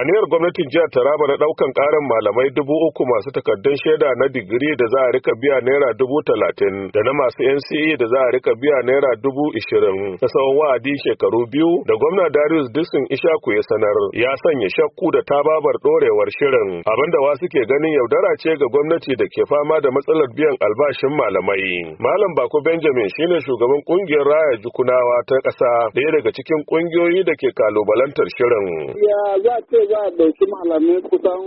aniyar gwamnatin jihar taraba na daukan karin malamai dubu uku masu takardun shaida na digiri da za a rika biya naira dubu talatin da na masu nce da za a rika biya naira dubu ishirin na tsawon wa'adi shekaru biyu da gwamna darius dixon ishaku ya sanar ya sanya shakku da tababar dorewar shirin abinda wasu ke ganin yaudara ce ga gwamnati da ke fama da matsalar biyan albashin malamai malam bako benjamin shine shugaban kungiyar raya jukunawa ta ƙasa daya daga cikin kungiyoyi da ke kalubalantar shirin. Ya za za a ɗauki malamai kusan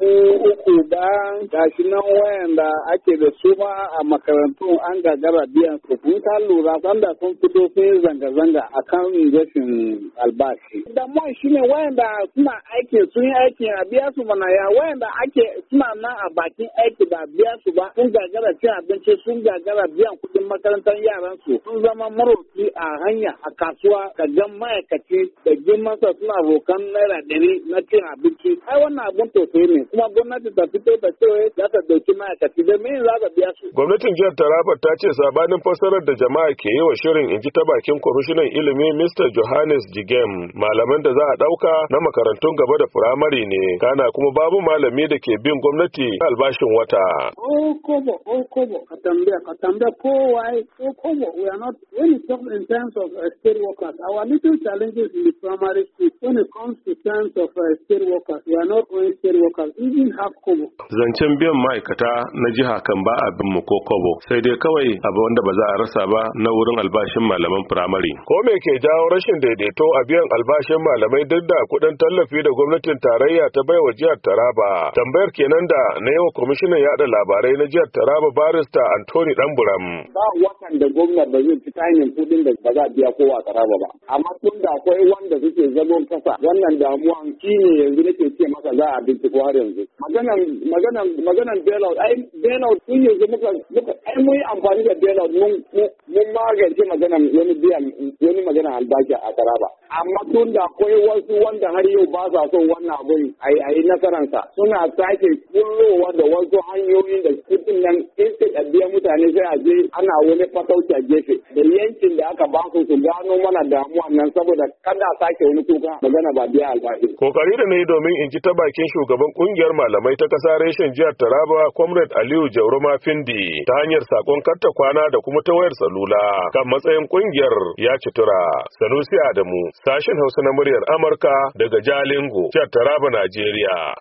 dubu uku da gashi nan wayanda ake da su ma a makarantu an gagara biyan su kun ka lura sanda sun fito sun zanga-zanga a kan rashin albashi damuwan shine wayanda suna aiki sun yi aiki a biya su mana ya wayanda ake suna nan a bakin aiki ba biya su ba sun gagara cin abinci sun gagara biyan kuɗin makarantar yaran su sun zama maroki a hanya a kasuwa ka gan ma'aikaci da girmansa suna rokan naira ɗari na cin abinci ai wannan abun tausayi ne kuma gwamnati ta fito ta ce za ta dauki ma'aikaci da me za ta biya su. Gwamnatin jihar Taraba ta ce sabanin fassarar da jama'a ke yi wa shirin in ji ta bakin kwamishinan ilimi Mr. Johannes Jigem malaman da za a dauka na makarantun gaba da firamare ne kana kuma babu malami da ke bin gwamnati albashin wata. Oh kobo oh kobo ka tambaya ka tambaya kowa oh kobo we are not when it comes in terms of uh, state workers our little challenges in the primary school when it comes to terms of uh, state workers we are not only state workers Zancen biyan ma'aikata na jiha kan ba a bin mu ko kobo sai dai kawai abu wanda ba za a rasa ba na wurin albashin malaman firamare. Ko me ke jawo rashin daidaito a biyan albashin malamai duk da kuɗin tallafi da gwamnatin tarayya ta bai wa jihar Taraba? Tambayar kenan da na wa kwamishinan yaɗa labarai na jihar Taraba barista Anthony Ɗanburam. Ba watan da gwamna ba zai kuɗin da ba za a biya kowa ba. Amma tun da akwai wanda suke zagon kasa wannan damuwan shine yanzu nake maka za a binciko har yanzu maganan maganan maganan bailout ai bailout sun yanzu muka muka ai mun yi amfani da bailout mun mun magance maganan wani biyan wani maganan albashi a karaba. amma tun da akwai wasu wanda har yau ba sa son wannan abun a yi nasaransa suna sake kullowa da wasu hanyoyin da kudin nan biya mutane sai a je ana wani fatauci a gefe da yankin da aka ba su su gano mana damuwa nan saboda kada a sake wani kuka magana ba biya albashi. Kokari da na yi domin in ji ta bakin shugaban kungiyar malamai ta kasa reshen jihar Taraba Comrade Aliyu Jauroma Findi ta hanyar sakon karta kwana da kuma ta wayar salula kan matsayin kungiyar ya citura. Sanusi Adamu sashen Hausa na muryar Amurka daga Jalingo jihar Taraba Najeriya.